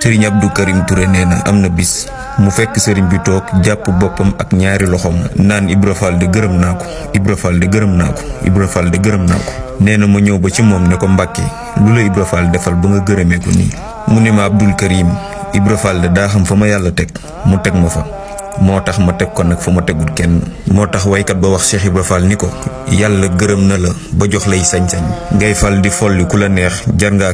sëriñ Abdou Karim ture nee na am na bis mu fekk sëriñ bi toog jàpp boppam ak ñaari loxoom naan Ibra Fall de gërëm naa ko Ibra Fall de gërëm naa ko Ibra Fall gërëm naa ko nee na ma ñëw ba ci moom ne ko Mbàkke lu la Ibra Fall defal ba nga gërëmee ko nii mu ne ma Abdou Karim Ibra Fall de daa xam fa ma yàlla teg mu teg ma fa moo tax ma teg ko nag fa ma tegul kenn moo tax waykat ba wax Cheikh Ibra Fall ni ko yàlla gërëm na la ba jox lay sañ-sañ ngay fal di folli ku la neex jar